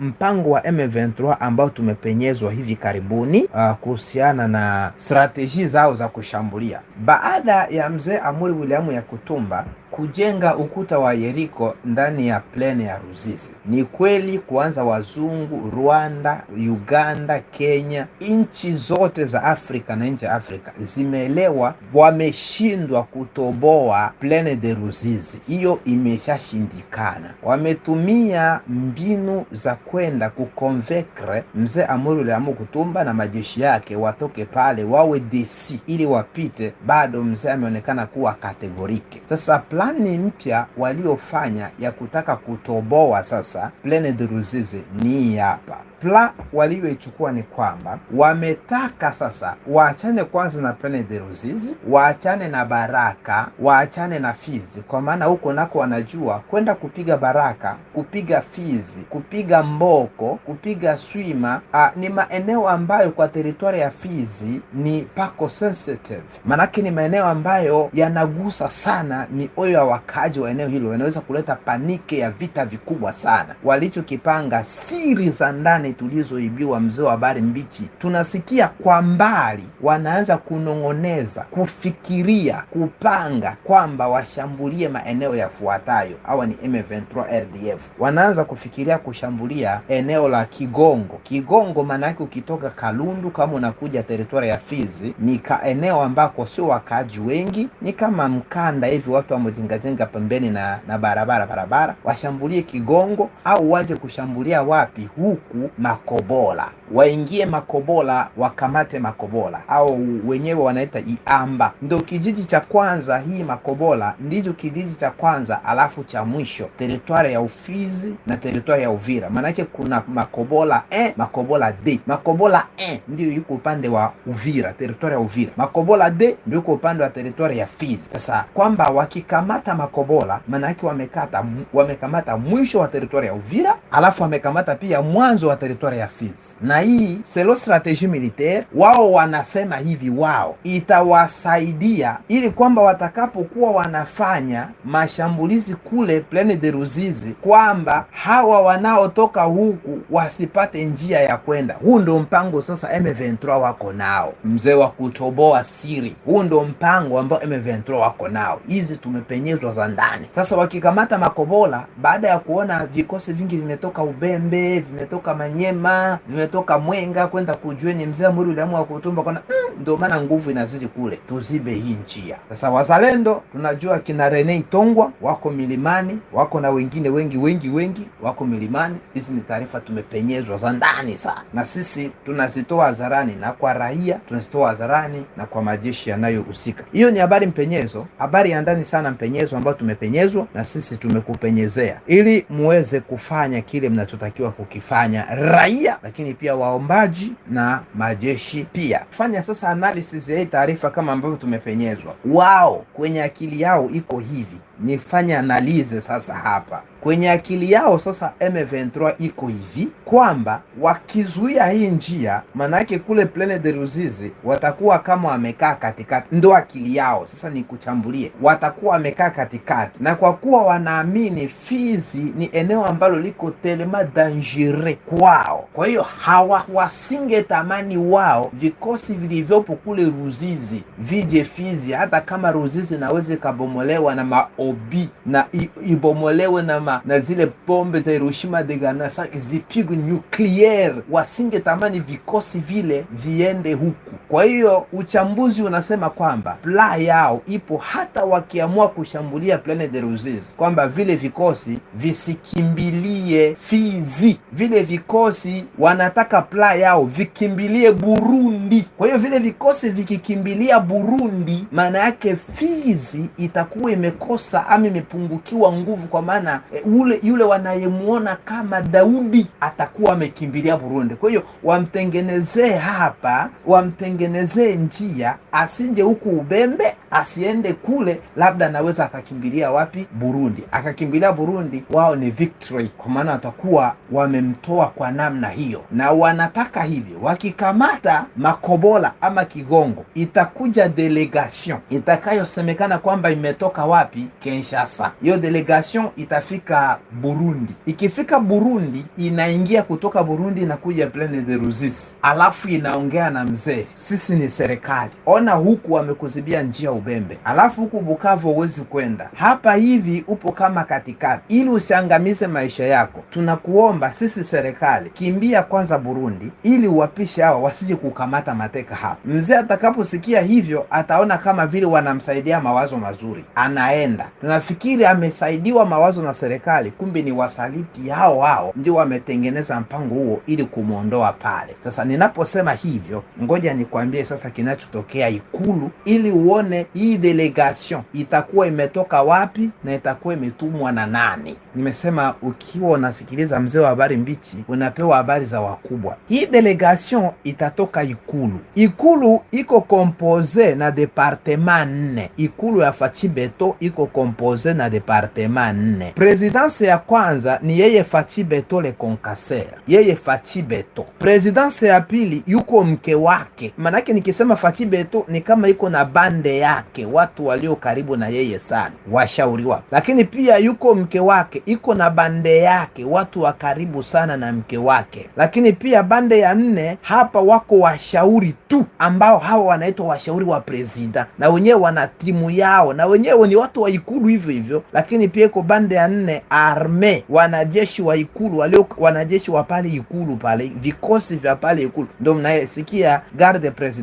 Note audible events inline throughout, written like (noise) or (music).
Mpango wa M23 ambao tumepenyezwa hivi karibuni uh, kuhusiana na strateji zao za kushambulia baada ya mzee Amuri William ya Kutumba kujenga ukuta wa Yeriko ndani ya plene ya Ruzizi. Ni kweli kuanza wazungu Rwanda, Uganda, Kenya, nchi zote za Afrika na nje ya Afrika zimeelewa, wameshindwa kutoboa plene de Ruzizi, hiyo imeshashindikana. Wametumia mbinu za kwenda kukonvekre mzee Amuri amu Kutumba na majeshi yake watoke pale wawe DC ili wapite, bado mzee ameonekana kuwa kategorike. Sasa plan plani mpya waliofanya ya kutaka kutoboa sasa de Ruzizi ni hapa pla walioichukua ni kwamba wametaka sasa waachane kwanza na Planet de Ruzizi, waachane na Baraka, waachane na Fizi, kwa maana huko nako wanajua kwenda kupiga Baraka, kupiga Fizi, kupiga Mboko, kupiga Swima a, ah, ni maeneo ambayo kwa teritwari ya Fizi ni pako sensitive, maanake ni maeneo ambayo yanagusa sana mioyo ya wakaaji wa eneo hilo, yanaweza kuleta panike ya vita vikubwa sana. Walichokipanga siri za ndani tulizoibiwa, mzee wa habari mbichi. Tunasikia kwa mbali wanaanza kunong'oneza, kufikiria, kupanga kwamba washambulie maeneo yafuatayo. Hawa ni M23 RDF, wanaanza kufikiria kushambulia eneo la Kigongo. Kigongo maana yake ukitoka Kalundu kama unakuja teritoria ya Fizi, ni ka eneo ambako sio wakaaji wengi, ni kama mkanda hivi, watu wamejengajenga pembeni na, na barabara barabara. Washambulie Kigongo au waje kushambulia wapi? Huku makobola, waingie makobola, wakamate makobola, au wenyewe wanaita iamba. Ndo kijiji cha kwanza, hii makobola ndicho kijiji cha kwanza, alafu cha mwisho teritwari ya Ufizi na teritwari ya Uvira. Maanake kuna makobola e, makobola d. Makobola e ndio yuko upande wa Uvira, teritwari ya Uvira. Makobola d ndio yuko upande wa teritwari ya Fizi. Sasa kwamba wakikamata makobola, maanake wamekata wamekamata mwisho wa teritwari ya Uvira, alafu wamekamata pia mwanzo wa teritoria ya Fizi, na hii selo strategie militaire wao wanasema hivi, wao itawasaidia ili kwamba watakapokuwa wanafanya mashambulizi kule plene de Ruzizi, kwamba hawa wanaotoka huku wasipate njia ya kwenda. Huu ndo mpango sasa M23 wako nao, mzee wa kutoboa siri. Huu ndo mpango ambao M23 wako nao, hizi tumepenyezwa za ndani. Sasa wakikamata Makobola baada ya kuona vikosi vingi vimetoka Ubembe, vimetoka Manyara Manyema, nimetoka Mwenga kwenda Kujweni, mzee mwili uliamua kutumba kana mm, ndio maana nguvu inazidi kule, tuzibe hii njia sasa. Wazalendo tunajua kina Rene tongwa wako milimani, wako na wengine wengi wengi wengi wako milimani. Hizi ni taarifa tumepenyezwa za ndani sana, na sisi tunazitoa hadharani na kwa raia tunazitoa hadharani na kwa majeshi yanayohusika. Hiyo ni habari mpenyezo, habari ya ndani sana mpenyezo, ambayo tumepenyezwa na sisi tumekupenyezea, ili muweze kufanya kile mnachotakiwa kukifanya raia, lakini pia waombaji na majeshi pia. Fanya sasa analysis ya hii taarifa kama ambavyo tumepenyezwa. Wao kwenye akili yao iko hivi, nifanye analize sasa hapa kwenye akili yao sasa, M23 iko hivi kwamba wakizuia hii njia, maanake kule Plaine de Ruzizi watakuwa kama wamekaa katikati. Ndo akili yao sasa, ni kuchambulie, watakuwa wamekaa katikati, na kwa kuwa wanaamini Fizi ni eneo ambalo liko telema dangere kwa wao. Kwa hiyo hawa wasingetamani wao vikosi vilivyopo kule Ruzizi vije Fizi, hata kama Ruzizi naweza ikabomolewa na maobi na ibomolewe na, ma, na zile bombe za Hiroshima de Nagasaki zipigwe nuclear, wasingetamani vikosi vile viende huku. Kwa hiyo uchambuzi unasema kwamba pla yao ipo hata wakiamua kushambulia de Ruzizi, kwamba vile vikosi visikimbilie Fizi, vile vikosi vikosi wanataka pla yao vikimbilie Burundi. Kwa hiyo vile vikosi vikikimbilia Burundi, maana yake Fizi itakuwa imekosa ama imepungukiwa nguvu, kwa maana e, ule yule wanayemwona kama Daudi atakuwa amekimbilia Burundi. Kwa hiyo wamtengenezee hapa, wamtengenezee njia asije huku Ubembe asiende kule, labda anaweza akakimbilia wapi? Burundi. Akakimbilia Burundi, wao ni victory, kwa maana watakuwa wamemtoa kwa namna hiyo, na wanataka hivyo. Wakikamata Makobola ama Kigongo, itakuja delegation itakayosemekana kwamba imetoka wapi? Kinshasa. Hiyo delegation itafika Burundi. Ikifika Burundi, inaingia kutoka Burundi kuja Plaine de Ruzizi, alafu inaongea na mzee, sisi ni serikali, ona huku wamekuzibia njia ubu. Ubembe, alafu huku Bukavu huwezi kwenda. Hapa hivi upo kama katikati. Ili usiangamize maisha yako, tunakuomba sisi serikali, kimbia kwanza Burundi ili uwapishe hawa wasije kukamata mateka hapa. Mzee atakaposikia hivyo ataona kama vile wanamsaidia mawazo mazuri, anaenda. Tunafikiri amesaidiwa mawazo na serikali, kumbe ni wasaliti hao hao ndio wametengeneza mpango huo ili kumwondoa pale. Sasa ninaposema hivyo, ngoja nikwambie sasa kinachotokea Ikulu ili uone hii delegation itakuwa imetoka wapi na itakuwa imetumwa na nani? Nimesema ukiwa unasikiliza mzee wa habari mbichi, unapewa habari za wakubwa. Hii delegation itatoka Ikulu. Ikulu iko kompoze na departement nne. Ikulu ya Fachibeto iko kompoze na departement nne. Presidence ya kwanza ni yeye Fachibeto le Concaser, yeye Fachibeto. Presidence ya pili yuko mke wake, manake nikisema Fachibeto ni kama iko na bande ya yake, watu walio karibu na yeye sana, washauri wake, lakini pia yuko mke wake, iko na bande yake, watu wa karibu sana na mke wake. Lakini pia bande ya nne hapa wako washauri tu ambao hawa wanaitwa washauri wa presida, na wenyewe wana timu yao, na wenyewe ni watu wa ikulu hivyo hivyo. Lakini pia iko bande ya nne arme, wanajeshi wa ikulu walio wanajeshi wa pale ikulu pale, vikosi vya pale ikulu, ndio mnayesikia garde presidentielle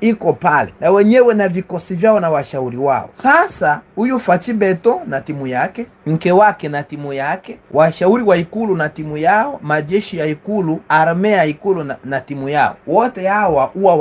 iko pale na wenyewe na vikosi vyao na washauri wao. Sasa huyu Fati Beto na timu yake, mke wake na timu yake, washauri wa ikulu na timu yao, majeshi ya ikulu, armea ya ikulu na, na timu yao, wote hawa huwa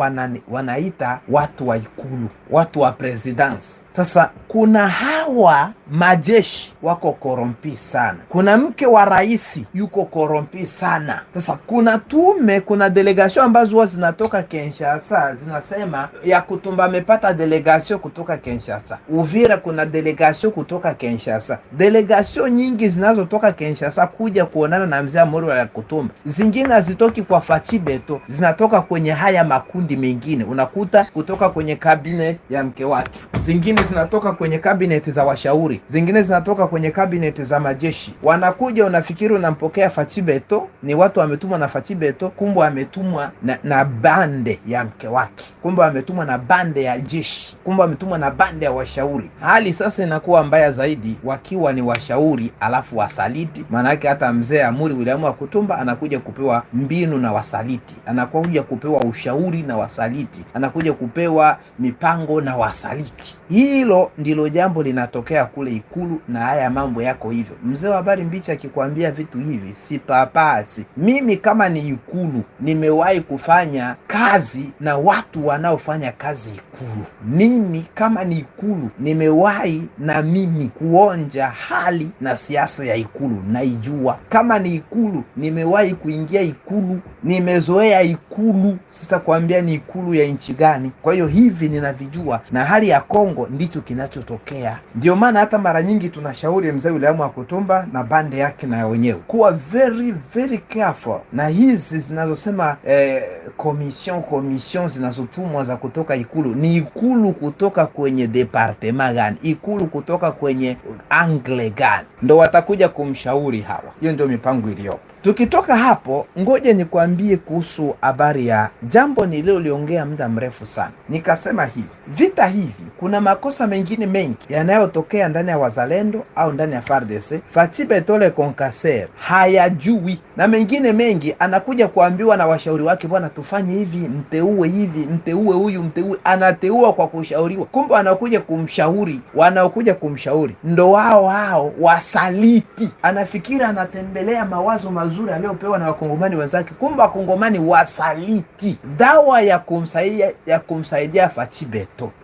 wanaita watu wa ikulu watu wa presidence. Sasa kuna hawa majeshi wako korompi sana, kuna mke wa rais yuko korompi sana. Sasa kuna tume, kuna delegation ambazo huwa zinatoka Kinshasa zinasema ya Kutumba amepata delegation kutoka Kinshasa, Uvira kuna delegation kutoka Kinshasa, delegation nyingi zinazotoka Kinshasa kuja kuonana na mzee Amuri ya Kutumba, zingine hazitoki kwa Fachi Beto, zinatoka kwenye haya makundi mengine, unakuta kutoka kwenye kabine ya mke wake, zingine zinatoka kwenye kabineti za washauri, zingine zinatoka kwenye kabineti za majeshi. Wanakuja, unafikiri unampokea Fachibeto, ni watu wametumwa na Fachibeto, kumbe ametumwa na, na bande ya mke wake, kumbe ametumwa na bande ya jeshi, kumbe ametumwa na bande ya washauri. Hali sasa inakuwa mbaya zaidi wakiwa ni washauri alafu wasaliti. Maana yake hata mzee Amuri William wa Kutumba anakuja kupewa mbinu na wasaliti, anakuja kupewa ushauri na wasaliti, anakuja kupewa mipango uongo na wasaliti. Hilo ndilo jambo linatokea kule Ikulu, na haya mambo yako hivyo. Mzee wa habari mbichi akikwambia vitu hivi si papasi. Mimi kama ni Ikulu, nimewahi kufanya kazi na watu wanaofanya kazi Ikulu. Mimi kama ni Ikulu, nimewahi na mimi kuonja hali na siasa ya Ikulu, naijua. Kama ni Ikulu, nimewahi kuingia Ikulu, nimezoea Ikulu. Sasa kuambia ni Ikulu ya nchi gani? Kwa hiyo hivi ninavijua kujua na hali ya Kongo ndicho kinachotokea. Ndio maana hata mara nyingi tunashauri mzee William Yakutumba na bande yake na wenyewe kuwa very very careful na hizi zinazosema eh, commission commission zinazotumwa za kutoka ikulu. Ni ikulu kutoka kwenye departema gani? Ikulu kutoka kwenye angle gani? Ndo watakuja kumshauri hawa. Hiyo ndio mipango iliyopo. Tukitoka hapo, ngoja nikwambie kuhusu habari ya jambo nililoliongea muda mrefu sana. Nikasema hivi vita hivi, kuna makosa mengine mengi yanayotokea ndani ya wazalendo au ndani ya FARDC, fatibe tole Konkaser hayajui, na mengine mengi anakuja kuambiwa na washauri wake, bwana, tufanye hivi, mteue hivi, mteue huyu, mteue. Anateua kwa kushauriwa, kumbe anakuja kumshauri, wanaokuja kumshauri ndo wao hao wasaliti. anafikira anatembelea mawazo mazuri mazuri aliyopewa na wakongomani wenzake, kumbe wakongomani wasaliti. Dawa ya kumsaidia, ya kumsaidia Fachi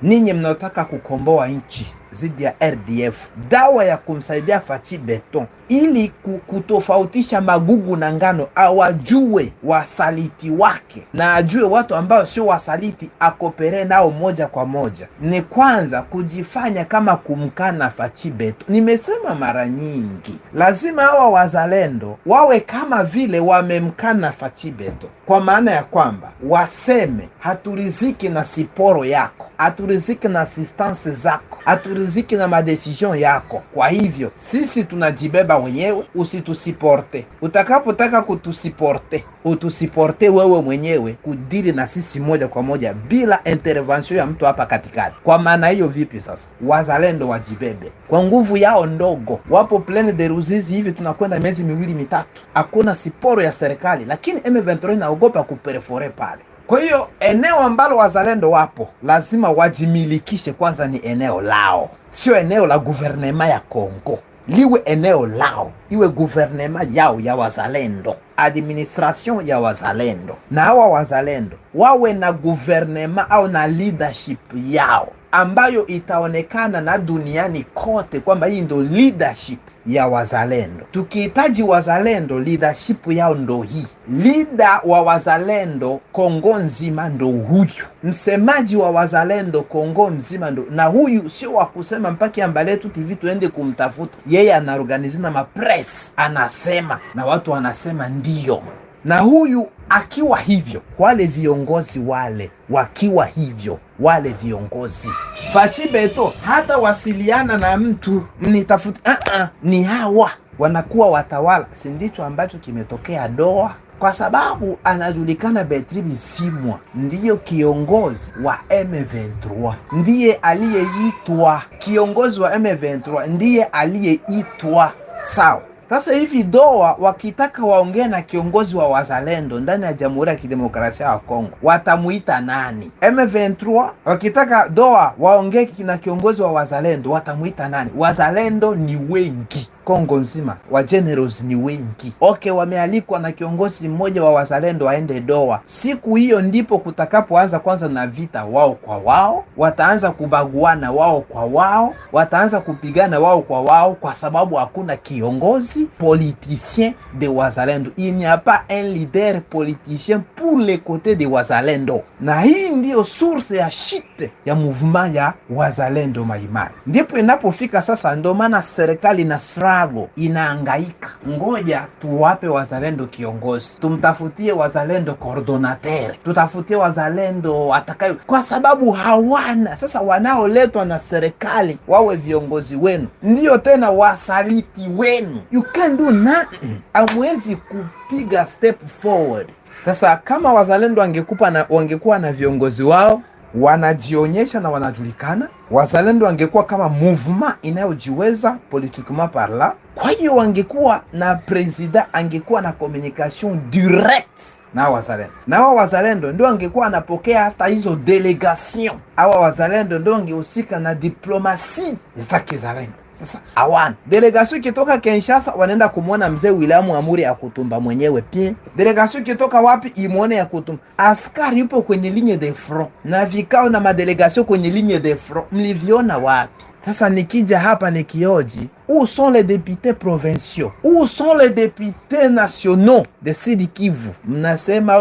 ninyi mnaotaka kukomboa nchi dhidi ya RDF, dawa ya kumsaidia Fachi Beton ili kutofautisha magugu na ngano, awajue wasaliti wake na ajue watu ambao sio wasaliti, akopere nao moja kwa moja. Ni kwanza kujifanya kama kumkana Fachi Beton. Nimesema mara nyingi, lazima hawa wazalendo wawe kama vile wamemkana Fachi Beton, kwa maana ya kwamba waseme haturiziki na siporo yako, haturiziki na asistansi zako, haturiziki usiridhiki na madecision yako. Kwa hivyo sisi tunajibeba wenyewe, usitusiporte. Utakapotaka kutusiporte, utusiporte wewe mwenyewe, kudili na sisi moja kwa moja bila intervention ya mtu hapa katikati. Kwa maana hiyo, vipi sasa? Wazalendo wajibebe kwa nguvu yao ndogo, wapo plene de Ruzizi hivi, tunakwenda miezi miwili mitatu, hakuna siporo ya serikali, lakini M23 inaogopa kuperefore pale. Kwa hiyo eneo ambalo wazalendo wapo lazima wajimilikishe kwanza, ni eneo lao, sio eneo la guvernema ya Kongo, liwe eneo lao, iwe guvernema yao ya wazalendo, administration ya wazalendo, na hawa wazalendo wawe na guvernema au na leadership yao ambayo itaonekana na duniani kote kwamba hii ndo leadership ya wazalendo. Tukihitaji wazalendo, leadership yao ndo hii. Lida wa wazalendo Kongo nzima ndo huyu, msemaji wa wazalendo Kongo mzima ndo, na huyu sio wa kusema mpaka ambaletu TV tuende kumtafuta yeye, anaorganizi na mapress anasema na watu wanasema ndiyo, na huyu akiwa hivyo, wale viongozi wale wakiwa hivyo wale viongozi Fachi Beto hata wasiliana na mtu mnitafuta, uh -uh, ah, ni hawa wanakuwa watawala. Si ndicho ambacho kimetokea doa kwa sababu anajulikana Betri Bisimwa ndiyo kiongozi wa M23, ndiye aliyeitwa kiongozi wa M23, ndiye aliyeitwa sawa sasa hivi doa wakitaka waongee na kiongozi wa wazalendo ndani ya Jamhuri ya Kidemokrasia ya Kongo watamuita nani? M23 wakitaka doa waongee na kiongozi wa wazalendo watamuita nani? Wazalendo ni wengi. Kongo nzima wa generals ni wengi okay, wamealikwa na kiongozi mmoja wa wazalendo waende doa. Siku hiyo ndipo kutakapoanza kwanza na vita wao kwa wao, wataanza kubaguana wao kwa wao, wataanza kupigana wao kwa wao, kwa sababu hakuna kiongozi politicien de wazalendo, il n'y a pas un leader politicien pour le côté de wazalendo, na hii ndiyo source ya shit ya mouvement ya wazalendo maimai, ndipo inapofika sasa. Ndio maana serikali na sra Chicago inaangaika, ngoja tuwape wazalendo kiongozi, tumtafutie wazalendo kordonatere, tutafutie wazalendo atakayo, kwa sababu hawana sasa. Wanaoletwa na serikali wawe viongozi wenu, ndio tena wasaliti wenu. You can do nothing, amwezi kupiga step forward. Sasa kama wazalendo wangekupa na wangekuwa na viongozi wao wanajionyesha na wanajulikana. Wazalendo wangekuwa kama movement inayojiweza politiquement parla, kwa hiyo wangekuwa na presida angekuwa na communication direct na wazalendo, na hawa wazalendo ndio angekuwa anapokea hata hizo delegation. Hawa wazalendo ndio angehusika na diplomasi za kizalendo. Sasa awana delegasio ikitoka Kinshasa wanaenda kumwona mzee Wilamu Amuri ya kutumba mwenyewe, pia delegasio ikitoka wapi imwone ya kutumba. Askari yupo kwenye linye de front na vikao na madelegasio kwenye linye de front, mliviona wapi? Sasa nikija hapa nikioji, où sont les députés provinciaux, où sont les députés nationaux de Sud Kivu? Mnasema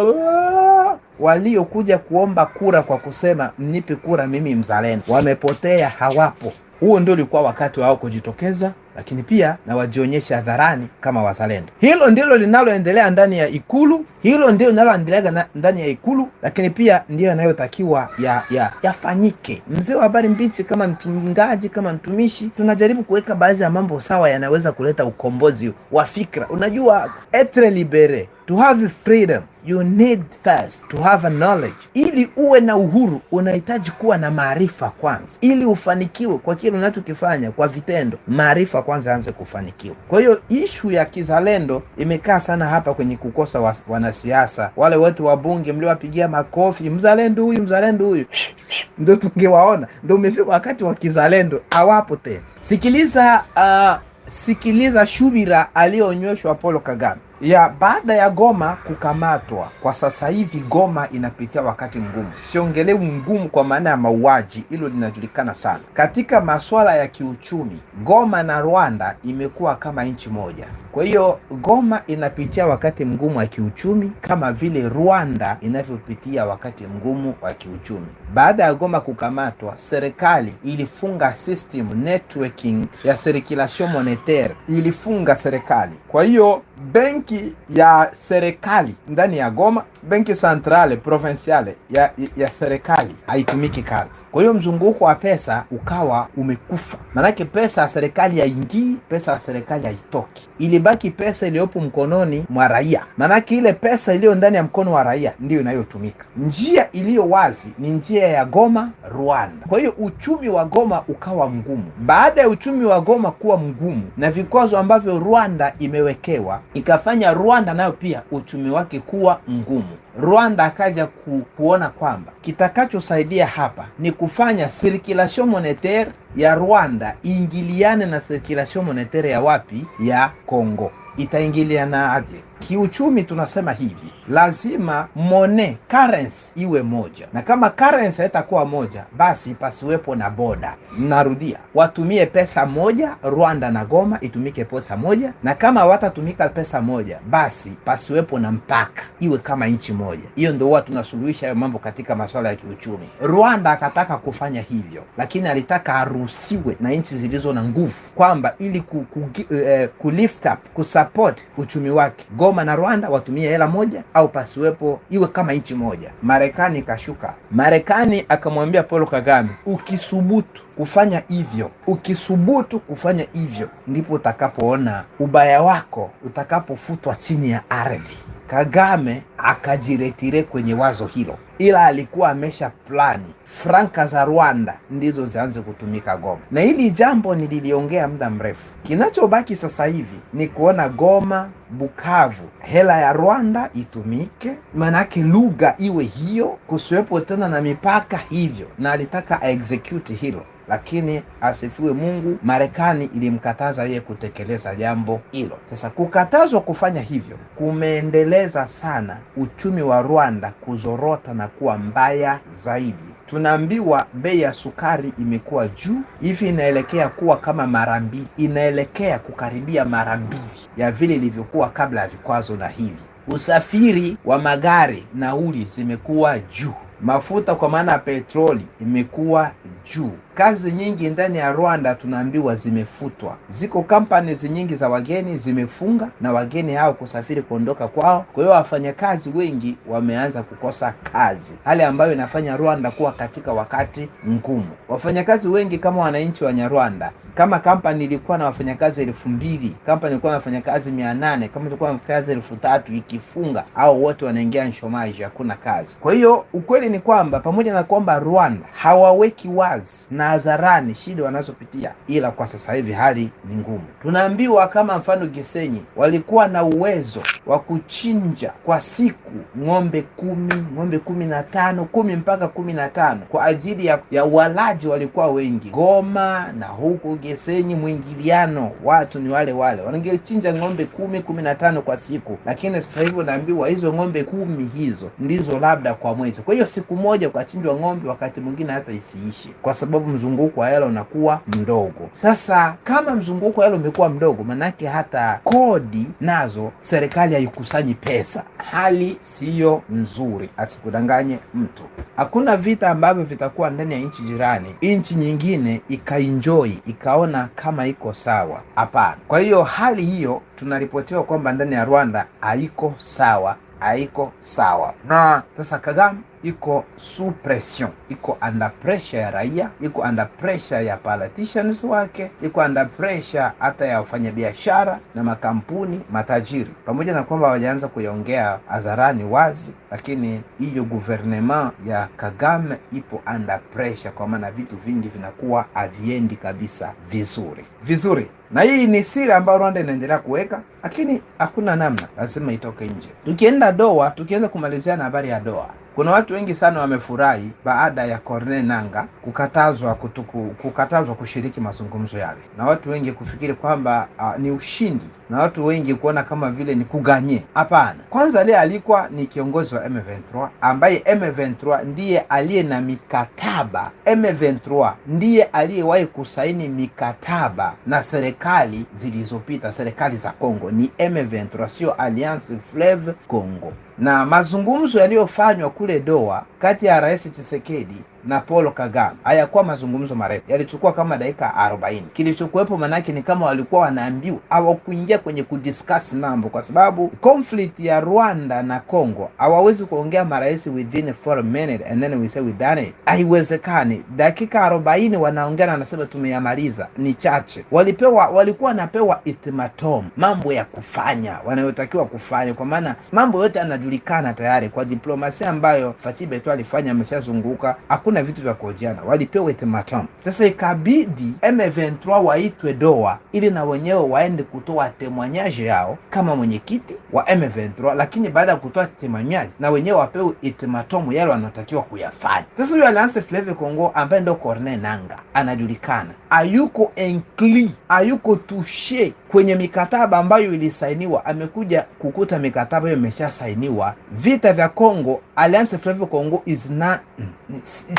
waliokuja kuomba kura kwa kusema mnipe kura mimi mzalendo, wamepotea, hawapo. Huo ndio ulikuwa wakati wao kujitokeza, lakini pia na wajionyesha hadharani kama wazalendo. Hilo ndilo linaloendelea ndani ya Ikulu, hilo ndio linaloendelea ndani ya Ikulu, lakini pia ndiyo yanayotakiwa ya, ya, yafanyike. Mzee wa habari mbichi, kama mchungaji, kama mtumishi, tunajaribu kuweka baadhi ya mambo sawa, yanaweza kuleta ukombozi wa fikra. Unajua, etre libere to have freedom you need first to have a knowledge. Ili uwe na uhuru, unahitaji kuwa na maarifa kwanza, ili ufanikiwe kwa kile unachokifanya kwa vitendo. Maarifa kwanza anze kufanikiwa. Kwa hiyo ishu ya kizalendo imekaa sana hapa kwenye kukosa wa, wanasiasa wale wa wabunge mliowapigia makofi, mzalendo huyu, mzalendo huyu, (laughs) ndo tungewaona. ndo umefika wakati wa kizalendo, awapo tena. Sikiliza, uh, sikiliza shubira aliyonyweshwa Paulo Kagame ya baada ya Goma kukamatwa, kwa sasa hivi Goma inapitia wakati mgumu. Siongelee mgumu kwa maana ya mauaji, hilo linajulikana sana. Katika masuala ya kiuchumi, Goma na Rwanda imekuwa kama nchi moja. Kwa hiyo Goma inapitia wakati mgumu wa kiuchumi kama vile Rwanda inavyopitia wakati mgumu wa kiuchumi. Baada ya Goma kukamatwa, serikali ilifunga system networking ya circulation monetaire, ilifunga serikali. Kwa hiyo benki benki ya serikali ndani ya Goma, benki centrale provinciale ya, ya serikali haitumiki kazi. Kwa hiyo mzunguko wa pesa ukawa umekufa, maanake pesa ya serikali haingii, pesa ya serikali haitoki, ilibaki pesa iliyopo mkononi mwa raia, maanake ile pesa iliyo ndani ya mkono wa raia ndiyo inayotumika. Njia iliyo wazi ni njia ya Goma Rwanda. Kwa hiyo uchumi wa Goma ukawa mgumu. Baada ya uchumi wa Goma kuwa mgumu na vikwazo ambavyo Rwanda imewekewa ikafanya kufanya Rwanda nayo pia uchumi wake kuwa mgumu. Rwanda akaja ku, kuona kwamba kitakachosaidia hapa ni kufanya circulation monetaire ya Rwanda iingiliane na circulation monetaire ya wapi? Ya Kongo. Itaingiliana aje? Kiuchumi tunasema hivi, lazima mone currency iwe moja, na kama currency haitakuwa moja, basi pasiwepo na boda. Narudia, watumie pesa moja. Rwanda na Goma itumike pesa moja, na kama watatumika pesa moja, basi pasiwepo na mpaka, iwe kama nchi moja. Hiyo ndio huwa tunasuluhisha hayo mambo katika masuala ya kiuchumi. Rwanda akataka kufanya hivyo, lakini alitaka aruhusiwe na nchi zilizo na nguvu, kwamba ili ku, ku, uh, ku lift up, kusupport uchumi wake Goma na Rwanda watumie hela moja au pasiwepo, iwe kama nchi moja. Marekani ikashuka, Marekani akamwambia Paul Kagame, ukisubutu kufanya hivyo, ukisubutu kufanya hivyo, ndipo utakapoona ubaya wako utakapofutwa chini ya ardhi. Kagame akajiretire kwenye wazo hilo, ila alikuwa amesha plani franka za Rwanda ndizo zianze kutumika Goma, na hili jambo nililiongea muda mrefu. Kinachobaki sasa hivi ni kuona Goma, Bukavu, hela ya Rwanda itumike, maanake lugha iwe hiyo, kusiwepo tena na mipaka hivyo, na alitaka aexecute hilo lakini asifiwe Mungu, Marekani ilimkataza yeye kutekeleza jambo hilo. Sasa kukatazwa kufanya hivyo kumeendeleza sana uchumi wa Rwanda kuzorota na kuwa mbaya zaidi. Tunaambiwa bei ya sukari imekuwa juu hivi, inaelekea kuwa kama mara mbili, inaelekea kukaribia mara mbili ya vile ilivyokuwa kabla ya vikwazo na hivi. Usafiri wa magari, nauli zimekuwa juu, mafuta kwa maana ya petroli imekuwa juu. Kazi nyingi ndani ya Rwanda tunaambiwa zimefutwa. Ziko companies nyingi za wageni zimefunga na wageni hao kusafiri kuondoka kwao. Kwa hiyo wafanyakazi wengi wameanza kukosa kazi, hali ambayo inafanya Rwanda kuwa katika wakati mgumu. Wafanyakazi wengi kama wananchi wa Nyarwanda, kama kampani ilikuwa na wafanyakazi elfu mbili kampani ilikuwa na wafanyakazi mia nane kama ilikuwa na wafanyakazi elfu tatu ikifunga au wote wanaingia nshomaji, hakuna kazi. Kwa hiyo ukweli ni kwamba pamoja na kwamba Rwanda hawaweki wazi na na hadharani shida wanazopitia, ila kwa sasa hivi hali ni ngumu. Tunaambiwa kama mfano Gisenyi walikuwa na uwezo wa kuchinja kwa siku ng'ombe kumi, ng'ombe kumi na tano, kumi mpaka kumi na tano kwa ajili ya, ya walaji walikuwa wengi Goma na huku Gisenyi mwingiliano, watu ni wale wale, wangechinja ng'ombe kumi, kumi na tano kwa siku, lakini sasa hivi unaambiwa hizo ng'ombe kumi hizo ndizo labda kwa mwezi. Kwa hiyo siku moja ukachinjwa ng'ombe, wakati mwingine hata isiishi kwa sababu mzunguko wa hela unakuwa mdogo. Sasa kama mzunguko wa hela umekuwa mdogo, manake hata kodi nazo serikali haikusanyi pesa. Hali siyo nzuri, asikudanganye mtu. Hakuna vita ambavyo vitakuwa ndani ya nchi jirani, nchi nyingine ikainjoi ikaona kama iko sawa. Hapana. Kwa hiyo hali hiyo tunaripotiwa kwamba ndani ya Rwanda haiko sawa, haiko sawa. Na sasa Kagame iko sous pression, iko under pressure ya raia, iko under pressure ya politicians wake, iko under pressure hata ya wafanyabiashara na makampuni matajiri, pamoja na kwamba hawajaanza kuyaongea hadharani wazi, lakini hiyo gouvernement ya Kagame ipo under pressure, kwa maana vitu vingi vinakuwa haviendi kabisa vizuri vizuri na hii ni siri ambayo Rwanda inaendelea kuweka, lakini hakuna namna, lazima itoke nje. Tukienda Doha, tukianza kumalizia na habari ya Doha, kuna watu wengi sana wamefurahi baada ya Corne nanga kukatazwa kutuku, kukatazwa kushiriki mazungumzo yale, na watu wengi kufikiri kwamba uh, ni ushindi, na watu wengi kuona kama vile ni kuganye. Hapana, kwanza leo alikuwa ni kiongozi wa M23 ambaye M23 ndiye aliye na mikataba. M23 ndiye aliyewahi kusaini mikataba na serikali zilizopita, serikali za Kongo. Ni M23, sio Alliance Fleuve Congo na mazungumzo yaliyofanywa kule Doha kati ya Rais Tshisekedi na Paul Kagame hayakuwa mazungumzo marefu, yalichukua kama dakika arobaini. Kilichokuwepo manake ni kama walikuwa wanaambiwa, hawakuingia kwenye kudiscuss mambo, kwa sababu conflict ya Rwanda na Congo hawawezi kuongea marais within four minutes and then we say we done it. Haiwezekani. Dakika arobaini wanaongea na wanasema tumeyamaliza, ni chache. Walipewa, walikuwa wanapewa ultimatum, mambo ya kufanya wanayotakiwa kufanya, kwa maana mambo yote yanajulikana tayari kwa diplomasia ambayo Fatibe tu alifanya, ameshazunguka hakuna hakuna vitu vya kuojiana, walipewa ultimatum. Sasa ikabidi M23 waitwe doa ili na wenyewe waende kutoa temwanyaje yao kama mwenyekiti wa M23, lakini baada ya kutoa temwanyaje na wenyewe wapewe ultimatum yale wanatakiwa kuyafanya. Sasa huyo Alliance Fleuve Congo ambaye ndo Corne Nanga anajulikana ayuko enkli ayuko tushe kwenye mikataba ambayo ilisainiwa. Amekuja kukuta mikataba hiyo imeshasainiwa. Vita vya Congo, Alliance Fleuve Congo is not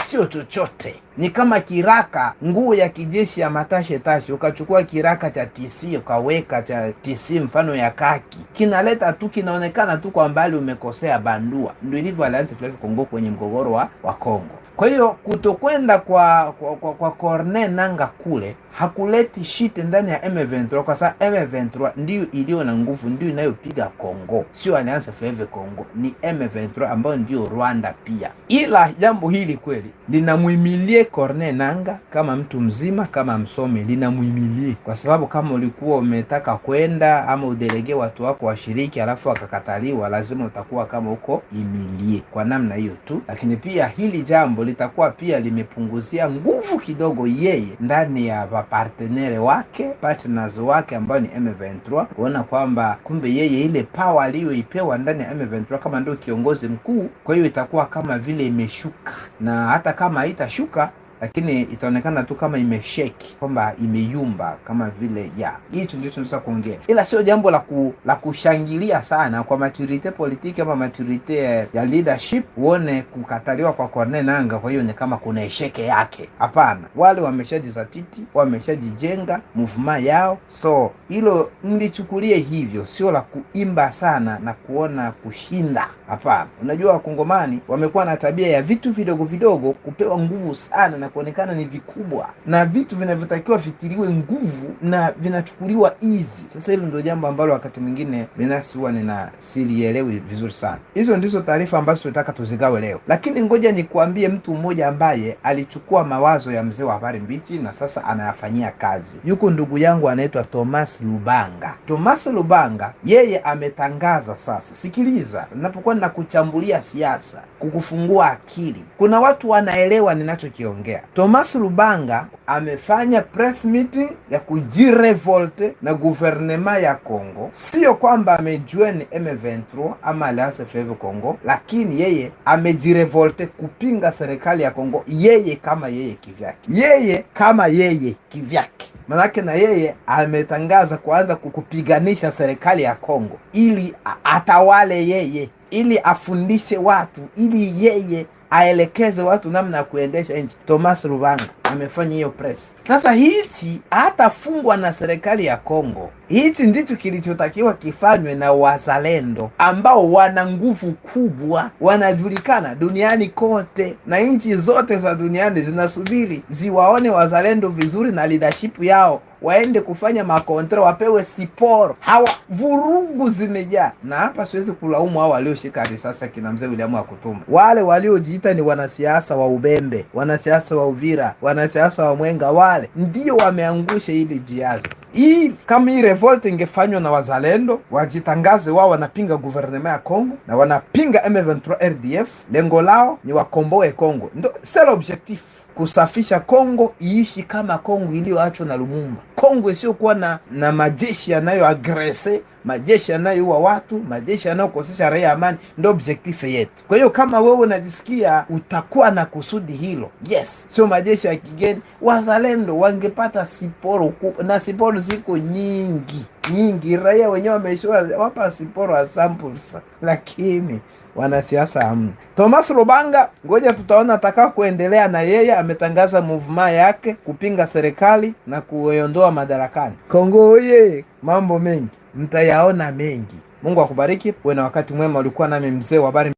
sio chochote, ni kama kiraka, nguo ya kijeshi ya matashe tashi. Ukachukua kiraka cha TC ukaweka cha TC mfano ya kaki, kinaleta tu, kinaonekana tu kwa mbali, umekosea bandua. Ndio ilivyo alianza Fleuve kwenye mgogoro wa, wa Kongo. Kwa hiyo kutokwenda kwa kwa, kwa, kwa Corne Nanga kule hakuleti shite ndani ya M23 kwa sababu M23 ndiyo iliyo na nguvu, ndiyo inayopiga Kongo, sio Alliance Fleuve Kongo, ni M23 ambayo ndiyo Rwanda pia. Ila jambo hili kweli linamwimilie Corne Nanga kama mtu mzima, kama msomi, linamwimilie kwa sababu kama ulikuwa umetaka kwenda ama udelege watu wako washiriki, alafu akakataliwa, lazima utakuwa kama uko imilie kwa namna hiyo tu. Lakini pia hili jambo litakuwa pia limepunguzia nguvu kidogo yeye ndani ya wapartenere wake partners wake ambao ni M23, kuona kwamba kumbe yeye ile power aliyoipewa ndani ya M23 kama ndio kiongozi mkuu, kwa hiyo itakuwa kama vile imeshuka, na hata kama haitashuka lakini itaonekana tu kama imesheki kwamba imeyumba kama vile ya hicho ndio tunaweza kuongea, ila sio jambo la ku, la kushangilia sana kwa maturite politiki ama maturite ya leadership uone kukataliwa kwa Corneille Nangaa, kwa hiyo ni kama kuna esheke yake. Hapana, wale wameshajizatiti wameshajijenga muvuma yao, so hilo nilichukulie hivyo, sio la kuimba sana na kuona kushinda Hapana, unajua wakongomani wamekuwa na tabia ya vitu vidogo vidogo kupewa nguvu sana na kuonekana ni vikubwa, na vitu vinavyotakiwa vitiliwe nguvu na vinachukuliwa easy. Sasa hilo ndio jambo ambalo wakati mwingine binafsi huwa nina silielewi vizuri sana. Hizo ndizo taarifa ambazo tunataka tuzigawe leo, lakini ngoja nikuambie mtu mmoja ambaye alichukua mawazo ya mzee wa habari mbichi na sasa anayafanyia kazi. Yuko ndugu yangu anaitwa Thomas Lubanga. Thomas Lubanga yeye ametangaza sasa, sikiliza, napokuwa na kuchambulia siasa, kukufungua akili. Kuna watu wanaelewa ninachokiongea. Thomas Lubanga amefanya press meeting ya kujirevolte na guvernema ya Congo. Sio kwamba amejoin M23 ama Alliance Fleuve Congo, lakini yeye amejirevolte kupinga serikali ya Congo, yeye kama yeye kivyake, yeye kama yeye kivyake manake na yeye ametangaza kuanza kukupiganisha serikali ya Kongo ili atawale yeye ili afundishe watu, ili yeye aelekeze watu namna ya kuendesha nchi. Thomas Lubanga amefanya hiyo press. Sasa hichi hatafungwa na serikali ya Kongo. Hichi ndicho kilichotakiwa kifanywe na wazalendo ambao wana nguvu kubwa, wanajulikana duniani kote, na nchi zote za duniani zinasubiri ziwaone wazalendo vizuri na leadership yao waende kufanya makontra wapewe siporo. Hawa vurugu zimejaa, na hapa siwezi kulaumu hao walioshika risasi kina mzee William Akutumba, wale waliojiita ni wanasiasa wa Ubembe, wanasiasa wa Uvira, wanasiasa wa Mwenga, wale ndio wameangusha hili jiazi. Hii kama hii revolt ingefanywa na wazalendo wajitangaze wao wanapinga guvernema ya Kongo na wanapinga M23 RDF, lengo lao ni wakomboe Kongo, ndo sel objectif, kusafisha Kongo iishi kama Kongo iliyoachwa na Lumumba kongwe isiyokuwa na, na majeshi yanayoagrese, majeshi yanayoua watu, majeshi yanayokosesha raia amani, ndio objectif yetu. Kwa hiyo kama wewe unajisikia utakuwa na kusudi hilo, yes, sio majeshi ya kigeni. Wazalendo wangepata siporo na siporo ziko nyingi nyingi, raia wenyewe wameshawapa siporo asampulsa, lakini wanasiasa hamna. Um, Thomas Lubanga, ngoja tutaona ataka kuendelea na yeye, ametangaza muvuma yake kupinga serikali na kuondoa madarakani Kongo. Oye, mambo mengi mtayaona mengi. Mungu akubariki, uwe na wakati mwema. Ulikuwa nami mzee wa habari.